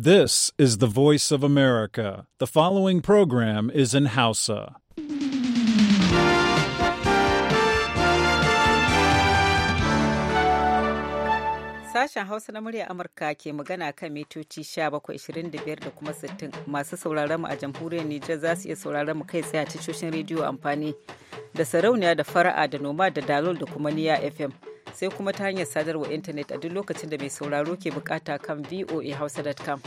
This is the voice of America. The following program is in Hausa. Sashen Hausa na murya Amurka ke magana kan mitoci 1725 da kuma 60 masu sauraron mu a jamhuriyar Nijar za su iya sauraron mu kai tsaye a tashoshin rediyo amfani da sarauniya da fara'a da noma da dalol da kuma niya FM. sai kuma ta hanyar sadarwa intanet a duk lokacin da mai sauraro ke bukata kan voahausa.com.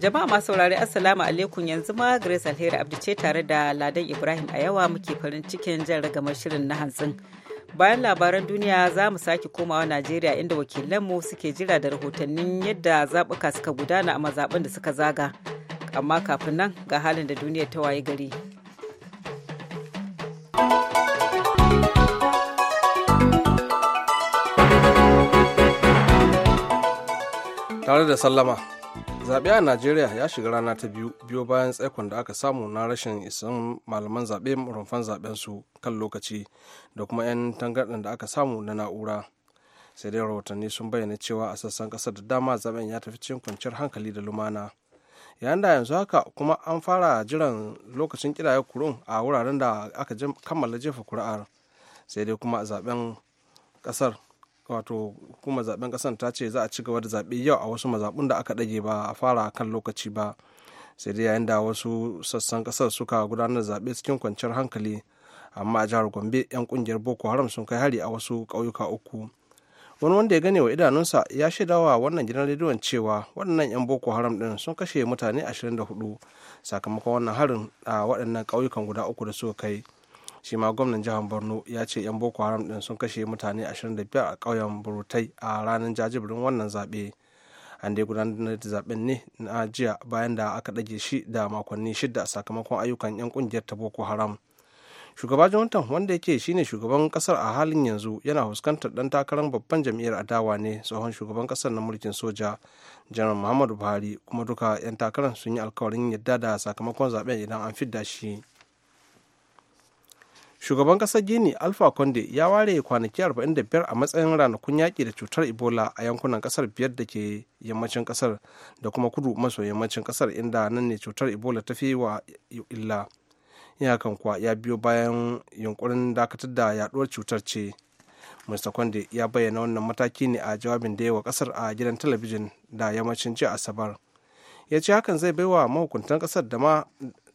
jama'a masu saurari assalamu alaikum yanzu ma grace alheri abdu ce tare da ladan ibrahim a yawa muke farin cikin jan ragamar shirin na hantsin bayan labaran duniya za mu sake komawa najeriya inda wakilanmu suke jira da rahotannin yadda zaɓuka suka gudana a mazaɓen da suka zaga amma kafin nan ga halin da duniya ta waye gari tare da sallama zaɓe a najeriya ya shiga rana ta biyu biyo bayan tsaikon da aka samu na rashin isan malaman zaɓe rumfan zaɓensu kan lokaci da kuma 'yan tangarɗin da aka samu na na'ura sai dai rahotanni sun bayyana cewa a sassan ƙasar da dama zaɓen ya tafi cikin kwanciyar hankali da lumana yayin da yanzu haka kuma an fara jiran lokacin kidaya kurun a wuraren da aka kammala jefa kuri'ar sai dai kuma zaɓen ƙasar wato hukumar zaben kasan ta ce za a ci gaba da zaɓe yau a wasu mazaɓun da aka ɗage ba a fara a kan lokaci ba sai dai yayin da wasu sassan ƙasar suka gudanar zaɓe cikin kwanciyar hankali amma a jihar gombe 'yan ƙungiyar boko haram sun kai hari a wasu ƙauyuka uku wani wanda ya gane wa idanunsa ya shaida wa wannan gidan rediyon cewa waɗannan 'yan boko haram ɗin sun kashe mutane 24 sakamakon wannan harin a waɗannan ƙauyukan guda uku da suka kai shi ma gwamnan jihar borno ya ce 'yan boko haram din sun kashe mutane 25 a kauyen burutai a ranar jajibirin wannan zaɓe an dai gudanar da zaɓen ne na jiya bayan da aka ɗage shi da makonni shida sakamakon ayyukan 'yan ƙungiyar ta boko haram shugaba jonathan wanda yake shine shugaban kasar a halin yanzu yana fuskantar dan takarar babban jam'iyyar adawa ne tsohon shugaban kasar na mulkin soja janar muhammadu buhari kuma duka 'yan takarar sun yi alkawarin yadda da sakamakon zaben idan an fidda shi shugaban kasar gini alfa conde ya ware kwanaki 45 a matsayin ranakun yaƙi da cutar ebola a yankunan kasar biyar da ke yammacin kasar da kuma kudu maso yammacin kasar inda nan ne cutar ebola ta fi wa illa Iyakan kuwa ya biyo bayan yunkurin dakatar da yaduwar cutar ce mr conde ya bayyana wannan mataki ne a jawabin da ya wa kasar a gidan talabijin da yammacin jiya asabar ya ce hakan zai baiwa mahukuntan kasar da ma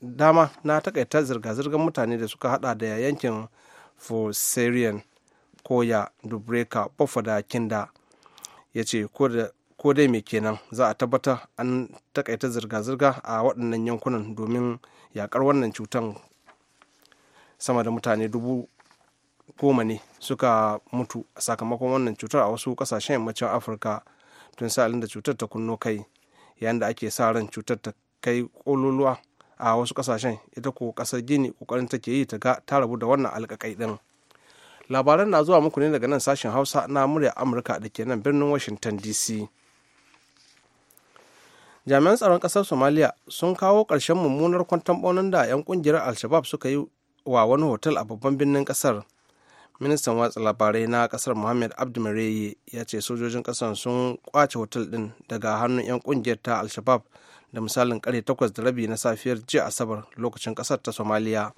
dama na takaita zirga-zirgar mutane da suka hada da yankin foserian koya dubreka boffa da kinda ya ce ko dai mai kenan za a tabbatar an takaita zirga-zirga a waɗannan yankunan domin yakar wannan cutan sama da mutane dubu goma ne suka mutu sakamakon wannan cutar a wasu ƙasashen yammacin afirka tun sa'alin da cutar ta kunno kai yayin da ake sa ran cutar ta kai ƙololuwa a wasu kasashen ita ko kasar gini kokarin take yi ta ga ta rabu da wannan alkakai din labaran na zuwa muku ne daga nan sashen hausa na murya amurka da ke nan birnin washington dc jami'an tsaron kasar Somalia sun kawo ƙarshen mummunar kwanton bonin da 'yan kungiyar al-shabab suka yi wa wani hotel a babban birnin kasar ministan watsa labarai na kasar muhammad abdumareye ya ce sojojin kasar sun kwace hotel din daga hannun 'yan kungiyar ta al-shabab da misalin kare takwas da rabi na safiyar jiya asabar lokacin kasar ta somaliya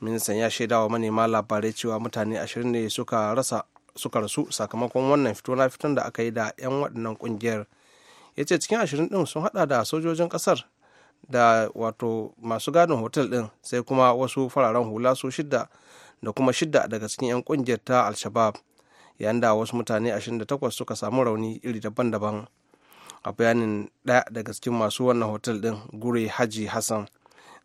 ministan ya shaida wa manema labarai cewa mutane ashirin ne suka rasa suka rasu sakamakon wannan fito na fiton da aka yi da 'yan waɗannan ƙungiyar ya ce cikin ashirin din sun haɗa da sojojin ƙasar da wato masu gadin hotel ɗin sai kuma wasu fararen hula su shidda da kuma shidda daga cikin 'yan ƙungiyar ta al-shabab yayin da wasu mutane ashirin da takwas suka samu rauni iri daban-daban a bayanin ɗaya daga cikin masu wannan hotel ɗin gure haji hassan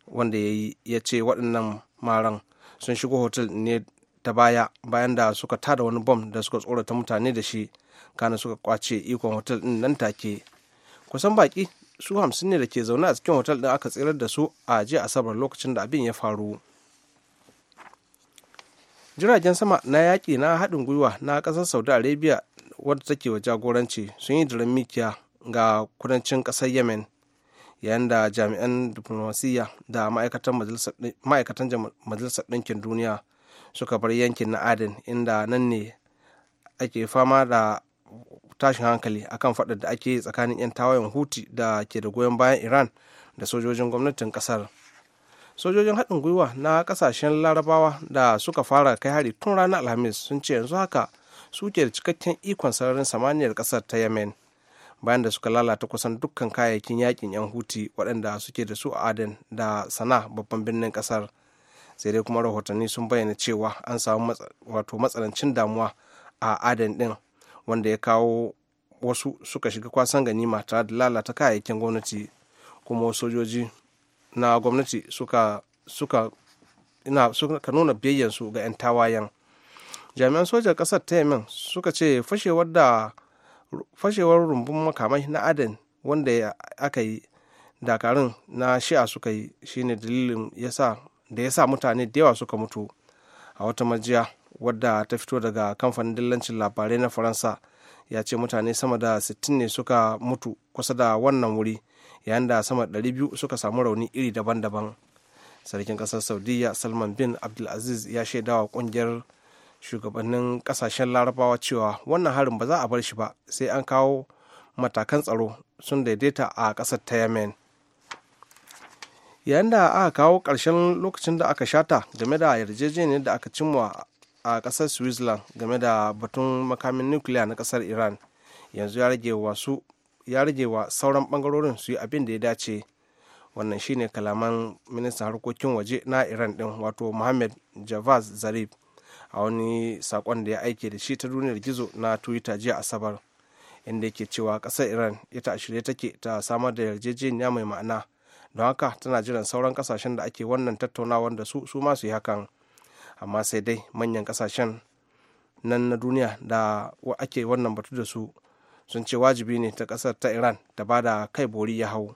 wanda ya yi ce waɗannan maran sun shigo hotel ne ta baya bayan da suka tada wani bom da suka tsorata mutane da shi kana suka kwace ikon hotel din nan take kusan baki su hamsin ne da ke zaune a cikin hotel din aka tsirar da su a jiya asabar lokacin da abin ya faru jiragen sama na yaƙi na haɗin gwiwa na ƙasar saudi arabia wadda take wa jagoranci sun yi diran mikiya ga kudancin kasar yemen yayin da jami'an diplomasiyya da ma'aikatan majalisar ɗinkin duniya suka bar yankin na aden inda nan ne ake fama da tashin hankali akan faɗar da ake tsakanin 'yan tawayen huti da ke da goyon bayan iran da sojojin gwamnatin ƙasar sojojin haɗin gwiwa na ƙasashen larabawa da suka fara kai hari tun ranar alhamis sun ce yanzu haka suke da cikakken ikon sararin samaniyar ƙasar ta yemen bayan da suka lalata kusan dukkan kayayyakin yakin 'yan huti waɗanda suke da su a aden da sana babban birnin kasar. sai dai kuma rahotanni sun bayyana cewa an samu wato matsanancin damuwa a adan ɗin wanda ya kawo wasu suka shiga kwasan ganima tare da lalata kayayyakin gwamnati kuma sojoji na gwamnati suka suka ina suka nuna biyayyarsu ga 'yan tawayen jami'an sojan kasar ta yamin suka ce fashewar da fashewar rumbun makamai na aden wanda aka yi dakarun na shi'a suka yi shine dalilin da ya sa mutane da yawa suka mutu a wata majiya wadda ta fito daga kamfanin dillancin labarai na faransa ya ce mutane sama da 60 ne suka mutu kusa da wannan wuri yayin da sama 200 suka samu rauni iri daban-daban sarkin kasar saudiya salman bin abdulaziz ya shaidawa kungiyar shugabannin kasashen larabawa cewa wannan harin ba za a bar shi ba sai an kawo matakan tsaro sun daidaita a ƙasar ta yemen yayin da aka kawo ƙarshen lokacin da aka shata game da yarjejeniyar da aka cimma a kasar switzerland game da batun makamin nukiliya na ƙasar iran yanzu ya rage wa sauran bangarorin su yi abin da ya dace wannan shine kalaman ministan harkokin waje na iran din wato mohammed javaz zarif a wani sakon da ya aike da shi ta duniyar gizo na twitter jiya asabar inda yake cewa kasar iran ita a shirye take ta samar da yarjejeniya mai ma'ana don haka tana jiran sauran kasashen da ake wannan tattaunawar da su su masu yi hakan amma sai dai manyan kasashen nan na duniya da ake wannan batu da su sun ce wajibi ne ta kasar ta iran da ba da kai bori ya hau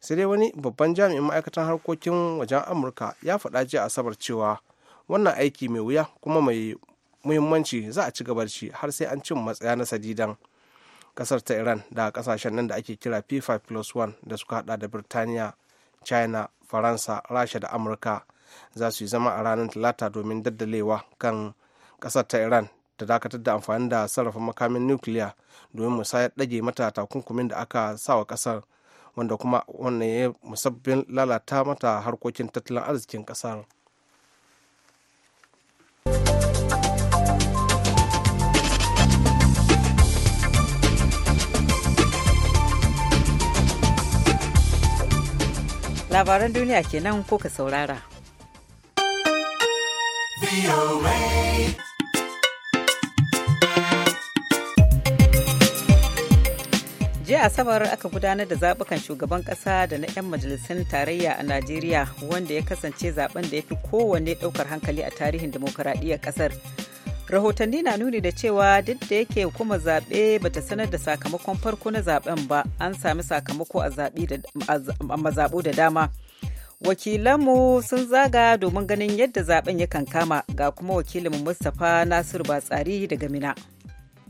sai dai wani babban jami'in ma'aikatan harkokin wajen amurka ya faɗa jiya asabar cewa wannan aiki mai wuya kuma mai muhimmanci za a ci da shi har sai an cin matsaya na sadidan kasar ta iran da kasashen nan da ake kira p5 plus 1 da suka hada da birtaniya china faransa rasha da amurka za su yi zama a ranar talata domin daddalewa kan kasar ta iran ta dakatar da amfani da sarrafa makamin nukiliya domin musayar dage mata takunkumin da aka sa wa kasar wanda kuma wannan ya musabbin lalata mata harkokin tattalin arzikin kasar. labaran duniya kenan ka saurara jiya asabar aka gudanar da zabukan shugaban kasa da na 'yan majalisun tarayya a najeriya wanda ya kasance zaben da ya fi kowanne daukar hankali a tarihin demokuraɗiyyar kasar rahotanni na nuni da cewa duk da yake hukumar zaɓe bata sanar da sakamakon farko na zaɓen ba an sami sakamako a mazaɓu da dama wakilanmu sun zaga domin ganin yadda zaɓen ya kankama ga kuma wakilin mustapha nasiru batsari daga mina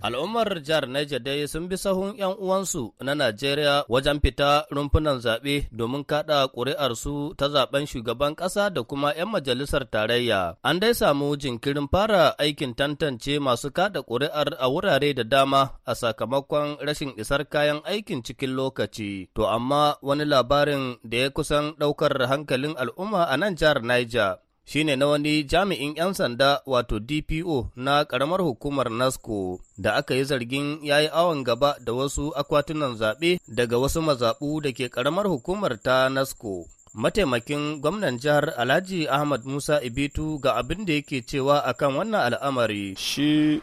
Al'ummar jihar Niger dai sun bi sahun 'yan uwansu na Najeriya wajen fita rumfunan zaɓe domin kaɗa ƙuri'arsu ta zaɓen shugaban ƙasa da kuma 'yan majalisar tarayya. An dai samu jinkirin fara aikin tantance masu kaɗa ƙuri'ar a wurare da dama a sakamakon rashin isar kayan aikin cikin lokaci. To amma wani labarin da ya kusan ɗaukar hankalin al'umma a nan jihar Niger shine na wani jami'in 'yan sanda wato DPO na ƙaramar hukumar NASCO da aka yi zargin ya yi awon gaba da wasu akwatunan zaɓe daga wasu mazaɓu da ke ƙaramar hukumar ta NASCO. Mataimakin gwamnan jihar Alhaji Ahmad Musa Ibitu ga abin da yake cewa akan wannan al'amari. Shi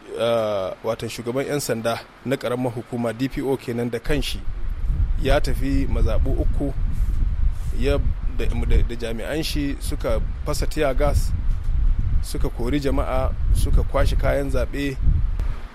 uh, shugaban 'yan sanda na ƙaramar hukuma DPO kenan da kanshi ya tafi mazaɓu uku ya da jami'an shi suka fasa tiya gas suka kori jama'a suka kwashe kayan zaɓe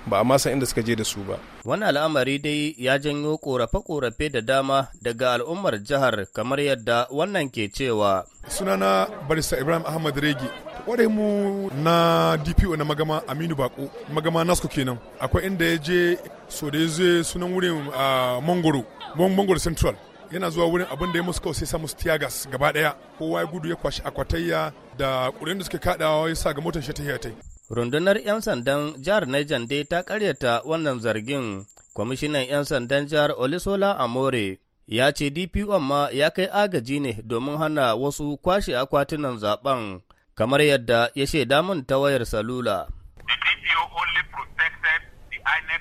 ba a masa inda suka je da su ba. Wani al'amari dai ya janyo korafe-korafe da dama daga al'ummar jihar kamar yadda wannan ke cewa. Sunana Barista Ibrahim Ahmad Rege, kwarai mu na DPO na magama Aminu Bako, magama Nasko kenan. Akwai inda ya je so da ya sunan wurin ah, Mangoro, Mangoro Central. yana zuwa wurin abin da ya musu kawai sai sa musu tiyagas gaba daya kowa ya gudu ya kwashi akwatayya da kudin da suke kaɗawa ya sa ga motar shi ta ta. rundunar 'yan sandan jihar Niger dai ta karyata wannan zargin kwamishinan 'yan sandan jihar olisola amore ya ce dpo ma ya kai agaji ne domin hana wasu kwashe akwatunan zaben kamar yadda ya shaida min ta wayar salula e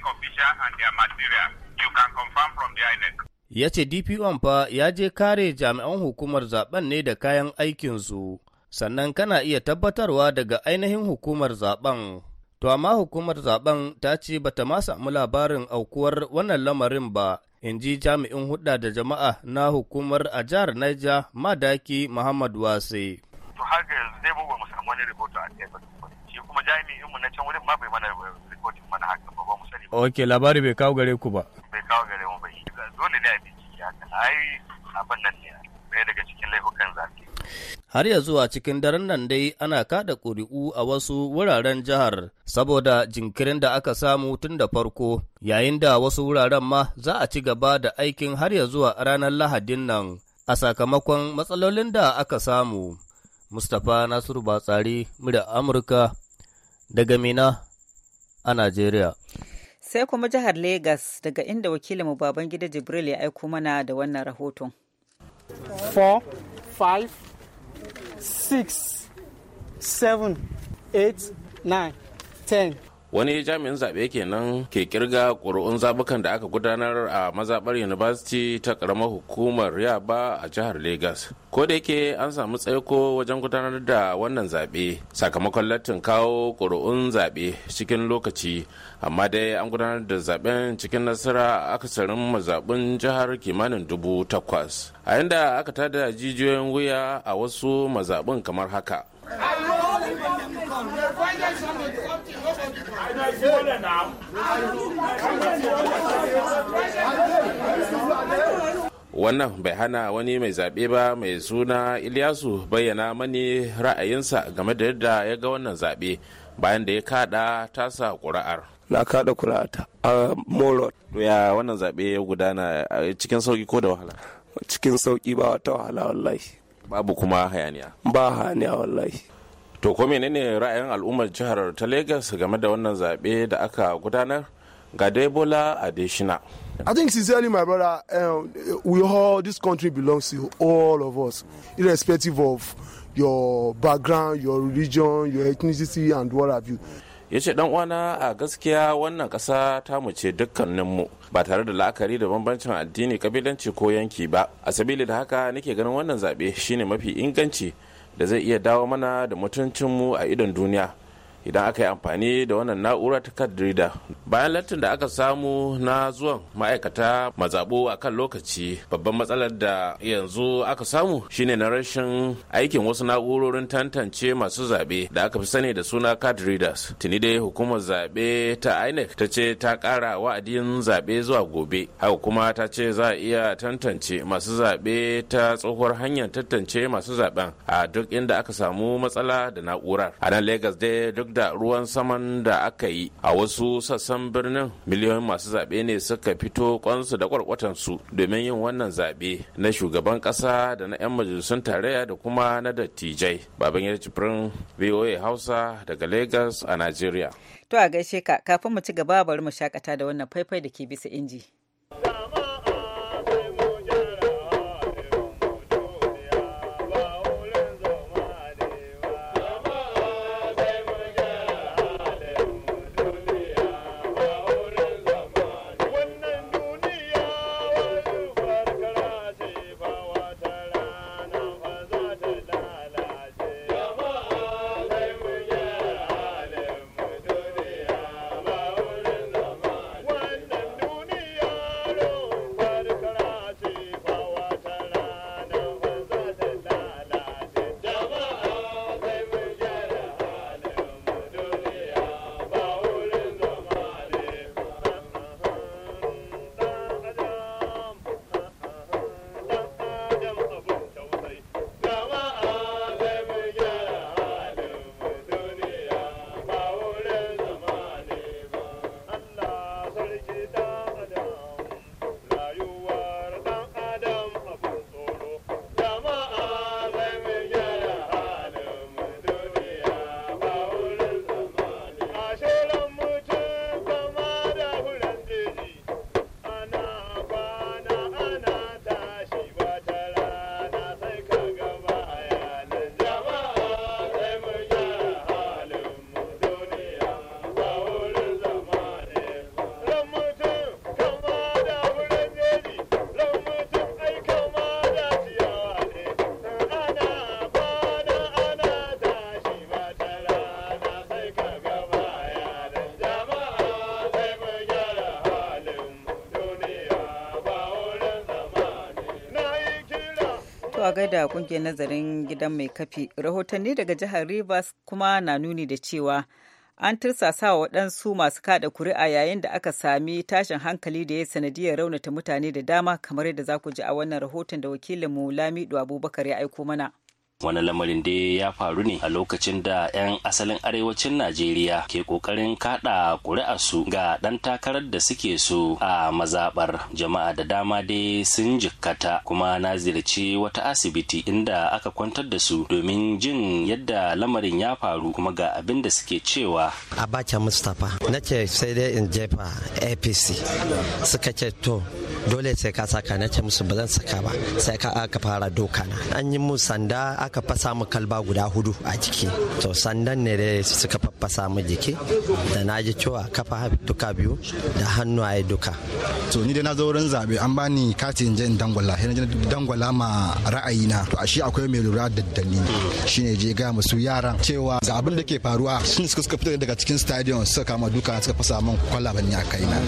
official and their material. You can confirm from the INEC. ya ce dpo fa ya je kare jami'an hukumar zaben ne da kayan aikinsu sannan kana iya tabbatarwa daga ainihin hukumar zaben to amma hukumar zaben ta ce bata ma samu labarin aukuwar wannan lamarin ba in ji jami'in hudda da jama'a na hukumar a jihar Niger Madaki Muhammad Wase. To ga yanzu dai ba mu samu wani rahoto a ba. Shi kuma jami'in mu na can wurin ma bai mana rahoton mana haka ba ba mu sani ba. Ok labari bai kawo gare ku ba. Bai kawo gare mu ba. dole ne a ai abin nan ne ɗaya daga cikin laifukan zafi Har ya zuwa cikin daren nan dai ana kada ƙuri'u a wasu wuraren jihar saboda jinkirin da aka samu tun da farko yayin da wasu wuraren ma za a ci gaba da aikin har ya zuwa ranar Lahadin nan a sakamakon matsalolin da aka samu. Mustapha Nasiru Batsari, murya Amurka daga Mina a Najeriya. Sai kuma jihar Legas daga inda wakilinmu baban gida Jibril ya aiko mana da wannan rahoton. 4, 5, 6, 7, 8, 9, 10. wani jami'in zaɓe kenan ke kirga ƙuri'un zabukan da aka gudanar a mazaɓar university ta ƙaramar hukumar yaba a jihar lagos ko da yake an samu tsaiko wajen gudanar da wannan zaɓe sakamakon lattin kawo ƙuri'un zaɓe cikin lokaci amma dai an gudanar da zaɓen cikin nasara akasarin mazabun jihar kimanin dubu takwas a inda aka tada jijiyoyin wuya a wasu mazaɓun kamar haka. wannan bai hana wani mai zaɓe ba mai suna ilyasu bayyana mani ra'ayinsa game da yadda ya ga wannan zaɓe bayan da ya kaɗa tasa ƙuri'ar na kaɗa ƙuri'ata a morot ya wannan zaɓe ya gudana cikin sauƙi ko da wahala cikin sauƙi ba wata wahala wallahi babu kuma hayaniya ba hayaniya wallahi to ko menene ra'ayin al'ummar jihar ta lagos game da wannan zaɓe da aka gudanar ga debola adeshina I think sincerely, my brother, uh, we all, this country belongs to all of us, irrespective of your background, your religion, your ethnicity, and what have you. ya ce dan uwana a gaskiya wannan ƙasa ta mu ce dukkaninmu ba tare da la'akari da bambancin addini kabilanci ko yanki ba a sabili da haka nake ganin wannan zaɓe shine mafi inganci da zai iya dawo mana da mutuncinmu a idon duniya idan aka yi amfani da wannan na'ura ta card reader bayan lattin da aka samu na zuwan ma'aikata mazaɓo a kan lokaci babban matsalar da yanzu aka samu shine na rashin aikin wasu na'urorin tantance masu zaɓe da aka fi sani da suna card readers tuni dai hukumar zaɓe ta inec ta ce ta ƙara wa'adin zaɓe zuwa gobe haka kuma ta ce za a iya tantance masu zaɓe ta tsohuwar hanyar tantance masu zaɓen a duk inda aka samu matsala da na'urar a nan lagos dai duk da ruwan saman da aka yi a wasu sassan birnin miliyoyin masu zaɓe ne suka fito kwansu da kwarkwatansu domin yin wannan zaɓe na shugaban ƙasa da na 'yan majalisun tarayya da kuma na dattijai baban ya cifirin voa hausa daga lagos a nigeria to a gaishe ka kafin mu ci gaba bari mu shakata da wannan faifai da ke bisa inji gaida kungiyar nazarin gidan mai kafi rahotanni daga jihar rivers kuma na nuni da cewa an tursasa wa waɗansu masu kada kuri'a yayin da aka sami tashin hankali da ya sanadiyar raunata mutane da dama kamar yadda za ku ji a wannan rahoton da wakilinmu lamido abubakar ya aiko mana wani lamarin da ya faru ne a lokacin da 'yan asalin arewacin najeriya ke kokarin kada ƙuri'arsu ga ɗan takarar da suke so a mazaɓar jama'a da dama dai sun jikkata kuma na ziyarci wata asibiti inda aka kwantar da su domin jin yadda lamarin ya faru kuma ga abin da suke cewa abacha mustapha nake sai dai in jefa apc suka ce to dole sai ka saka na ce musu ba zan saka ba sai ka aka fara doka na an yi mu sanda aka fasa mu kalba guda hudu a jiki to sandan ne da suka fasa mu jiki da na ji cewa kafa duka biyu da hannu a duka to ni da na zo wurin zabe an bani in je in dangwala sai na je dangwala ma na to ashe akwai mai lura da dalili shine je ga musu yaran cewa ga abin da ke faruwa sun suka suka fito daga cikin stadium suka kama duka suka fasa min kwalaban ya na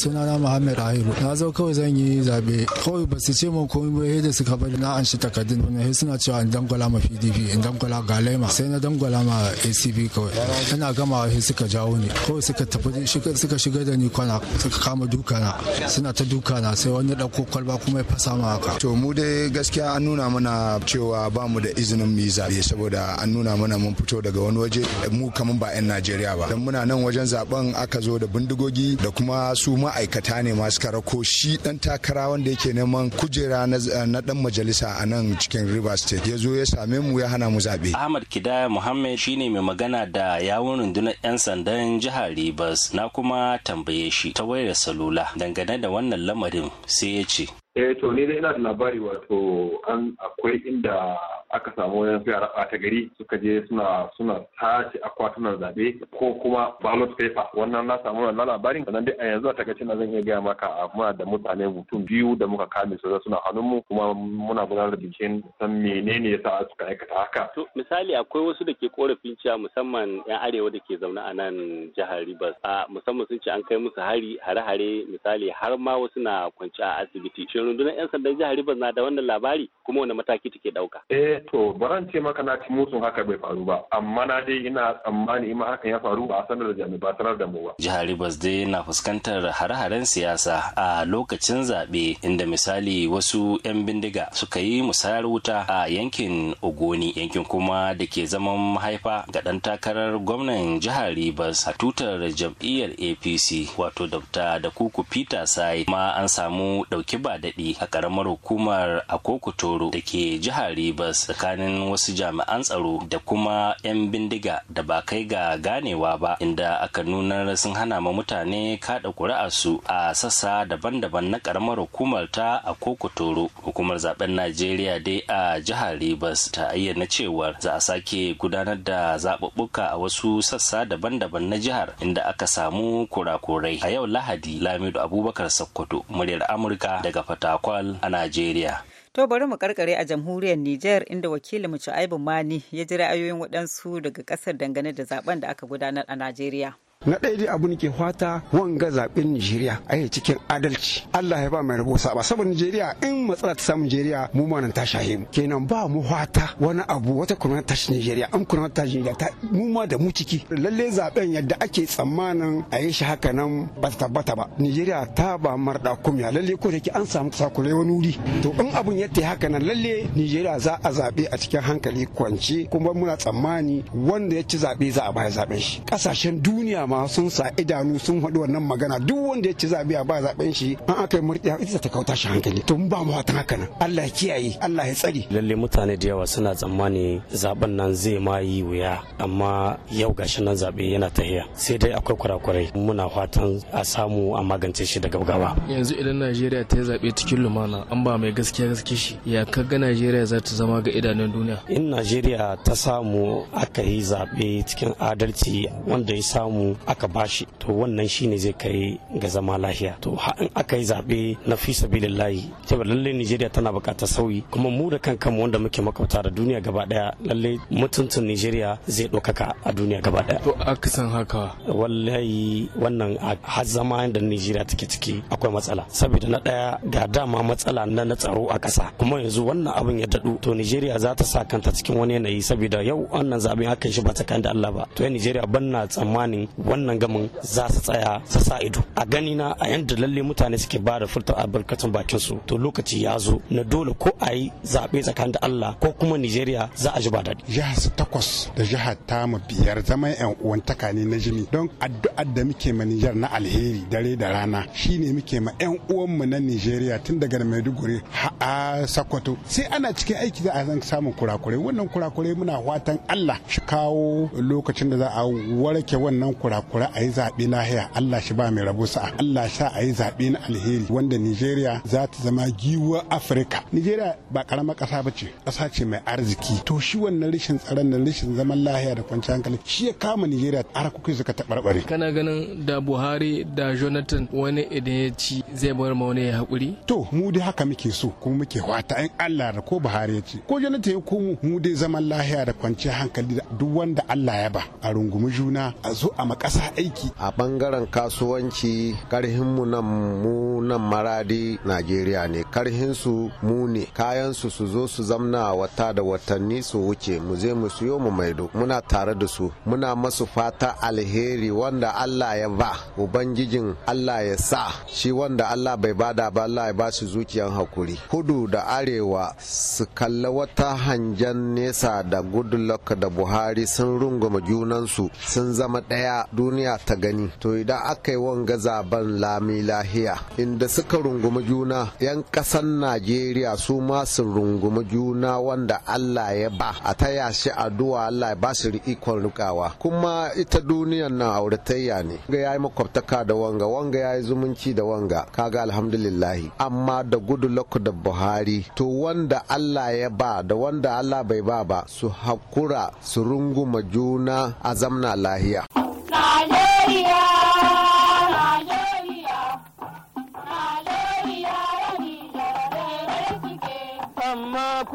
sunana Muhammad Ahiru na zo kawai zan yi zaɓe kawai ba su ce min komai ba yadda suka bari na an shi takardun sai suna cewa in dangwala ma pdp in dangwala ga sai na dangwala ma acp kawai ina gama sai suka jawo ni kawai suka tafi suka shiga da ni kwana suka kama dukana suna ta dukana sai wani ɗauko kwalba kuma ya fasa ma haka. to mu dai gaskiya an nuna mana cewa ba mu da izinin mu yi zaɓe saboda an nuna mana mun fito daga wani waje mu kaman ba 'yan najeriya ba dan muna nan wajen zaben aka zo da bindigogi da kuma su ma'aikata ne masu karako shi dan takara wanda yake neman kujera na dan majalisa a nan cikin river State ya zo ya same mu ya hana mu zaɓe. Ahmad Kidaya Muhammad shine mai magana da yawun rundunar 'yan sandan jihar Rivers na kuma tambaye shi ta wayar salula dangane da wannan lamarin sai ya ce. eh to ni dai ina da labari wato an akwai inda aka samu wani yara a ta gari suka je suna suna tace akwatunan zabe ko kuma ballot paper wannan na samu wannan labarin sannan dai a yanzu a takaice na zan iya gaya maka ah, muna da mutane mutum biyu da muka kame su suna hannun mu kuma muna gudanar da bincike san menene yasa suka aikata haka to misali akwai wasu da ke korafin cewa musamman yan arewa da ke zaune a nan jihar Rivers a ah, musamman sun ce an kai musu hari hare-hare misali har ma wasu na kwanci a asibiti rundunar 'yan sandan jihar Rivers na da wannan labari kuma wani mataki take ɗauka. Eh to baran ce maka na ci musun haka bai faru ba amma na dai ina tsammani in hakan ya faru ba a sanar da ba sanar da mu ba. Jihar Rivers dai na fuskantar hare-haren siyasa a lokacin zaɓe inda misali wasu 'yan bindiga suka yi musayar wuta a yankin Ogoni yankin kuma da ke zaman mahaifa ga ɗan takarar gwamnan jihar Rivers a tutar jam'iyyar APC wato Dr. Dakuku Peter Sai ma an samu ɗauki ba da daɗi a ƙaramar hukumar a akokotoro da ke jihar ribas tsakanin wasu jami'an tsaro da kuma 'yan bindiga da ba kai ga ganewa ba inda aka nunar sun hana ma mutane kada su a sassa daban-daban na ƙaramar hukumar ta a akokotoro hukumar zaben najeriya dai a jihar ribas ta ayyana cewar za a sake gudanar da zaɓuɓɓuka a wasu sassa daban-daban na jihar inda aka samu kurakurai a yau lahadi Lamidu, abubakar sokoto muryar amurka daga fata fatakwal a najeriya To bari mu karkare a jamhuriyar Nijar inda wakilin mu Shu'aibu Mani ya ji ra'ayoyin waɗansu daga ƙasar dangane da zaben da aka gudanar a Najeriya. na ɗaya dai abu ke fata wanga zaɓen Nijeriya a yi cikin adalci Allah ya ba mai rabo saba saboda Nijeriya in matsala ta samu Nijeriya mu ma nan ta shahe mu kenan ba mu fata wani abu wata kuma ta shi Nijeriya an kuma ta shi Nijeriya mu ma da mu ciki lalle zaɓen yadda ake tsammanin a yi shi haka nan ba ta tabbata ba Nijeriya ta ba marɗa kumya lalle ko da ke an samu sakule wani wuri to in abun ya haka nan lalle Nijeriya za a zaɓe a cikin hankali kwance kuma muna tsammani wanda ya ci zaɓe za a baya zaɓen shi ƙasashen duniya ma ma sun sa idanu sun haɗu wannan magana duk wanda ya ci zaɓe a ba zaɓen shi an aka yi a ita ta kauta shi hankali to mun ba mu watan haka nan Allah ya kiyaye Allah ya tsare lalle mutane da yawa suna tsammani zaben nan zai ma yi wuya amma yau gashi nan zaɓe yana tahiya sai dai akwai kurakurai muna fatan a samu a magance shi da gaggawa yanzu idan Najeriya ta yi zaɓe cikin lumana an ba mai gaskiya gaske shi ya kaga Najeriya za ta zama ga idanun duniya in Najeriya ta samu aka yi zaɓe cikin adalci wanda ya samu aka aka bashi to wannan shine zai kai ga zama lafiya to in aka yi zaɓe na fi sabilillahi cewa lalle Nijeriya tana buƙatar sauyi kuma mu da kan kanmu wanda muke makauta da duniya gaba daya lalle mutuntun Nijeriya zai ɗaukaka a duniya gaba daya to akasan haka wallahi wannan a zama da Nijeriya take ciki akwai matsala saboda na ɗaya ga dama matsala na na tsaro a kasa. kuma yanzu wannan abin ya daɗu to Nijeriya za ta sa kanta cikin wani yanayi saboda yau wannan zaɓen hakan shi ba ta kan da Allah ba to Nijeriya ban na tsammanin wannan gamin za su tsaya su sa ido a gani na a yanda lalle mutane suke ba da furta albarkacin bakin su to lokaci ya zo na dole ko a yi zaɓe tsakanin da Allah ko kuma Nigeria za a ji ba daɗi. Jihar takwas da jihar tamu biyar zama yan uwan ne na jini don addu'ar da muke ma Nijar na alheri dare da rana shine muke ma yan mu na Nigeria tun daga Maiduguri a Sokoto sai ana cikin aiki za a san samun kurakurai wannan kurakurai muna watan Allah shi kawo lokacin da za a warke wannan kurakurai kurakura a yi zaɓe lahiya Allah shi ba mai rabo sa'a Allah sha a yi zaɓe na alheri wanda Nigeria za ta zama giwa Afirka Nigeria ba karamar ƙasa ba ce ƙasa ce mai arziki to shi wannan rashin tsaron na rashin zaman lahiya da kwanci hankali shi ya kama Nigeria harkokin suka taɓarɓare kana ganin da Buhari da Jonathan wani idan ya ci zai bar ma wani ya haƙuri to mu dai haka muke so kuma muke wata in Allah da ko Buhari ya ci ko Jonathan ya komo mu dai zaman lahiya da kwanciya hankali da duk wanda Allah ya ba a rungumi juna a zo a ƙasa aiki a bangaren kasuwanci karhinmu nan mu nan maradi najeriya ne karhinsu mu ne kayansu su zo su zamna wata da watanni su wuce mu je mu siyo mu maido muna tare da su muna masu fata alheri wanda allah ya ba ubangijin allah ya sa shi wanda allah bai bada ba allah ya ba su zuciyan hakuri Hudu da arewa su kalla wata hanjan nesa da goodluck da buhari sun runguma junansu sun zama ɗaya duniya ta gani to idan aka yi wanga zaben lami lahiya inda suka rungumi juna 'yan ƙasan najeriya su masu su rungumi juna wanda allah ya ba a taya shi addu'a allah ya ba shi ikon rikawa kuma ita duniyan nan auratayya ne ga yayi makwabtaka da wanga wanga yayi zumunci da wanga kaga alhamdulillahi amma da gudu loko da buhari to wanda allah ya ba da wanda allah bai ba ba su hakura su runguma juna a zamna lahiya.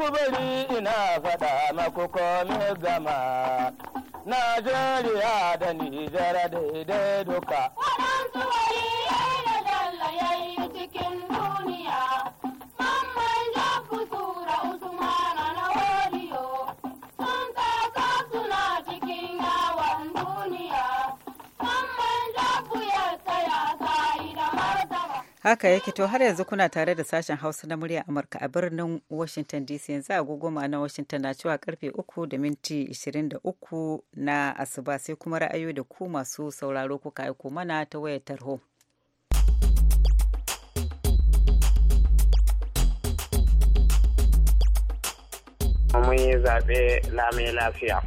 ku bari ina faɗa maku komi gama. Najeriya da Nijar daidai duka. Waɗansu wari da jalla ya yi cikin duniya, mamman jafu tura Usman. Haka yake to har yanzu kuna tare da sashen Hausa na murya Amurka a birnin Washington DC yanzu agogo na Washington na cewa karfe 3 da minti 23 na asuba sai kuma ra'ayo da ku masu sauraro kuka aiko mana ta wayar tarho. Mun yi zaɓe lami lafiya.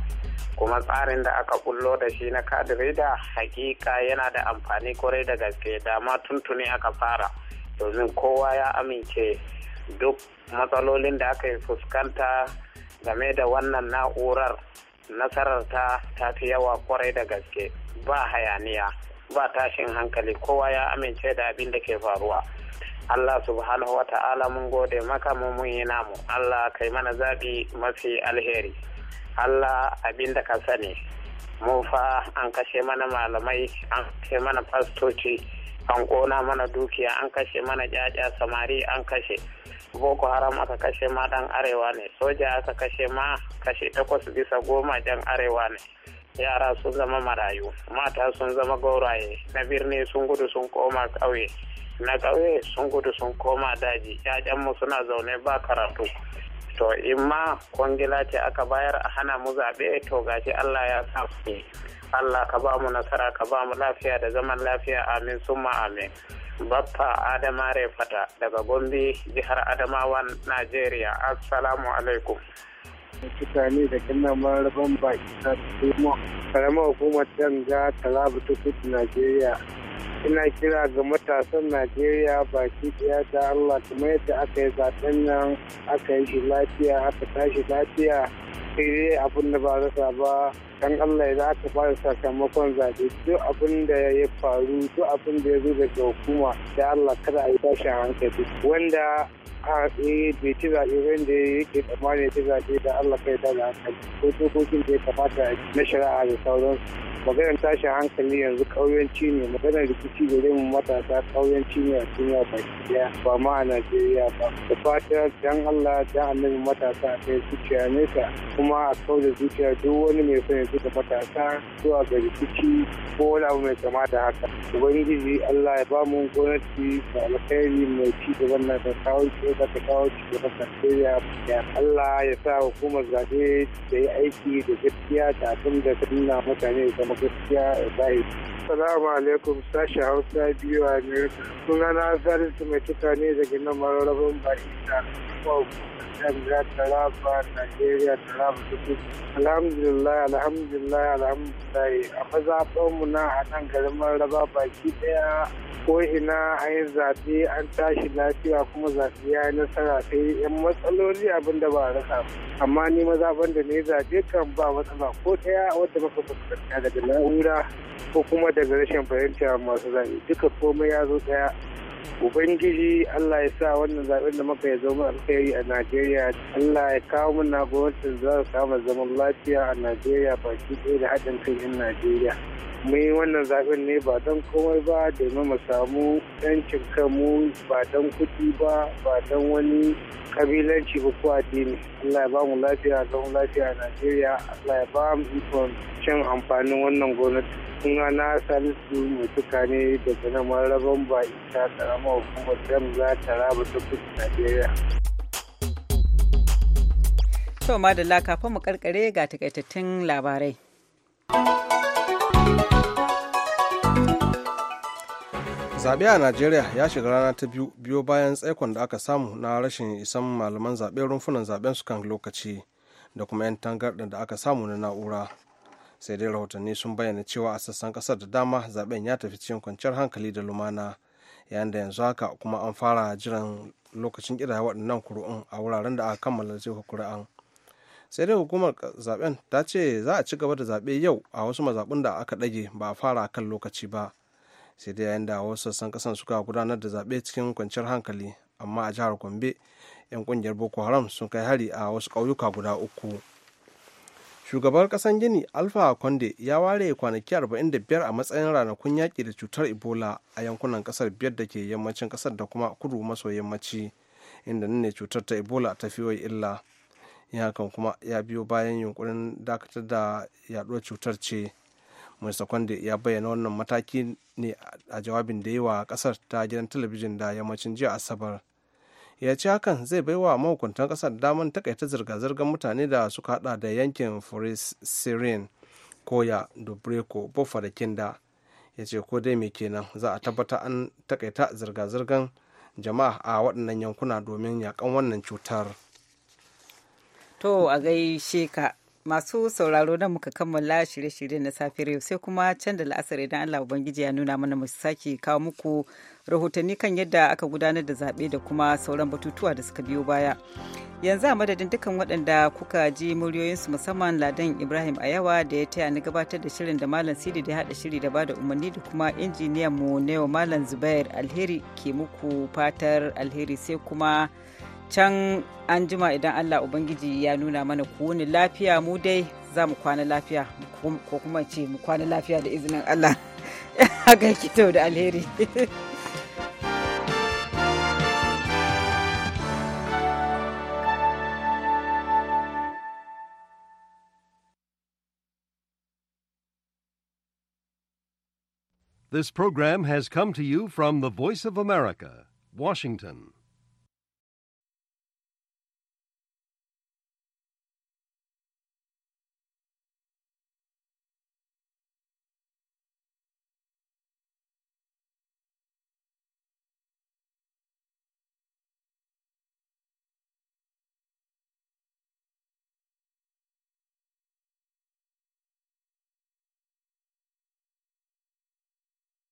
kuma tsarin da aka bullo da shi na kadiri da hakika yana da amfani kwarai da gaske dama tuntuni aka fara domin kowa ya amince duk matsalolin da aka yi fuskanta game da wannan na'urar nasarar ta tafi yawa kwarai da gaske ba hayaniya ba tashin hankali kowa ya amince da abin da ke faruwa Allah subhanahu wa ta'ala mun gode maka mun yi namu Allah kai mana zaɓi mafi alheri Allah abin da ka sani mu fa an kashe mana malamai an kashe mana fastoci an kona mana dukiya an kashe mana jaja samari an kashe boko haram aka kashe ma dan arewa ne soja aka kashe ma kashe takwas bisa goma dan arewa ne yara sun zama marayu mata sun zama gauraye na birni sun gudu sun koma ƙauye na ƙauye sun gudu sun koma daji 'ya'yanmu suna zaune ba karatu to in ma kwangila ce aka bayar a hana mu zaɓe to gashi Allah ya sa Allah ka ba mu nasara ka ba mu lafiya da zaman lafiya amin summa amin Bappa Adama Refata daga Gombe jihar Adamawa Najeriya assalamu alaikum mutane da kina maraban baki ta karamar hukumar danga talaba ta kudu Najeriya ina kira ga matasan najeriya baki daya ta allah kuma yadda aka yi zaben nan aka yi lafiya aka tashi lafiya sai dai abin da ba rasa ba kan allah ya aka fara sakamakon zaɓe duk abin da ya faru duk abin da ya zo daga hukuma da allah kada a yi tashi hankali wanda a tsaye eh, bai ci zaɓe wanda yake tsammanin ci zaɓe da allah kai da hankali ko dokokin da ya kamata na shari'a da sauransu maganar tashin hankali yanzu kauyanci ne maganar rikici da mu matasa kauyanci ne a duniya baki daya ba ma a najeriya ba da fata dan allah dan annabi matasa a kai zuciya nesa kuma a kau da zuciya duk wani mai son ya da matasa zuwa ga rikici ko wani abu mai kama da haka ubangiji allah ya ba mu gwamnati da alkhairi mai ci gaban nan da kawo ce da ta kawo ci gaban najeriya ya allah ya sa hukumar zabe ta yi aiki da gaskiya da abin da ta nuna mutane da mu gaskiya zahiri. Salamu alaikum sashi Hausa biyu a Amerika. Suna na su mai tuka ne daga nan mararrabin Bahisa. Danga Taraba, Najeriya, Taraba, Tutu. Alhamdulillah, alhamdulillah, alhamdulillah. A mazaɓanmu na a nan garin mararaba baki ɗaya ko ina a yi zaɓe an tashi lafiya kuma zaɓe ya yi nasara sai yan matsaloli abinda da ba a rasa amma ni ban da ne zaɓe kan ba ba. ko ɗaya wadda muka fuskanta daga na'ura ko kuma daga rashin fahimta masu zaɓe duka komai ya zo ɗaya ubangiji allah ya sa wannan zaɓen da muka yi zama alkhairi a najeriya allah ya kawo na gwamnatin za su samu zaman lafiya a najeriya baki ɗaya da haɗin kan yan najeriya mu yi wannan zaɓen ne ba don komai ba domin mu samu yancin kanmu ba don kuɗi ba ba don wani kabilanci ba ko addini Allah ya ba mu lafiya don lafiya a Najeriya Allah ya ba mu ikon cin amfanin wannan gwamnati suna na salisu mai tuka ne daga nan mararaban ba ita karama hukumar dam za ta raba ta kudu Najeriya. To madalla kafin mu karkare ga takaitattun labarai. zaɓe a najeriya ya shiga rana ta biyu biyo bayan tsaikon da aka samu na rashin isan malaman zaɓe rumfunan zaɓen su kan lokaci da kuma 'yan tangarɗa da aka samu na na'ura sai dai rahotanni sun bayyana cewa a sassan ƙasar da dama zaɓen ya tafi cikin kwanciyar hankali da lumana yayin da yanzu haka kuma an fara jiran lokacin ƙidaya waɗannan kuru'un a wuraren da aka kammala jefa kuri'an sai dai hukumar zaɓen ta ce za a ci gaba da zaɓe yau a wasu mazaɓun da aka ɗage ba a fara kan lokaci ba sai dai yayin da wasu sassan kasan suka gudanar da zaɓe cikin kwanciyar hankali amma a jihar gombe 'yan kungiyar boko haram sun kai hari a wasu ƙauyuka guda uku shugabar kasan gini alfa konde ya ware kwanaki arba'in da biyar a matsayin ranakun yaƙi da cutar ebola a yankunan ƙasar biyar da ke yammacin ƙasar da kuma kudu maso yammaci inda nan cutar ta ebola ta fi wai illa yin hakan kuma ya biyo bayan yunkurin dakatar da yaduwar cutar ce mr kwande ya bayyana wannan mataki ne a jawabin da yi wa kasar ta gidan talabijin da yammacin jiya asabar ya ce hakan zai bai wa mahukuntan kasar damar takaita zirga-zirgar mutane da suka hada da yankin foris sirin koya dubreko bufa da kinda ya ce ko dai mai kenan za a tabbata an takaita zirga-zirgar jama'a a waɗannan yankuna domin yakan wannan cutar to a gaishe ka masu sauraro na muka kammala shirye-shirye na safiyar yau sai kuma can da la'asar idan Allah Ubangiji ya nuna mana mu sake kawo muku rahotanni kan yadda aka gudanar da zaɓe da kuma sauran batutuwa da suka biyo baya. Yanzu a madadin dukkan waɗanda kuka ji muryoyinsu musamman Ladan Ibrahim Ayawa da ya taya ni gabatar da shirin da Malam Sidi da ya haɗa shiri da bada umarni da kuma injiniyan mu Neo Malam Zubair Alheri ke muku fatar alheri sai kuma can an jima idan allah ubangiji ya nuna mana lafiya mu dai za mu kwana lafiya ko kuma ce mu kwana lafiya da izinin allah a da alheri This program has come to you from the Voice of America, Washington.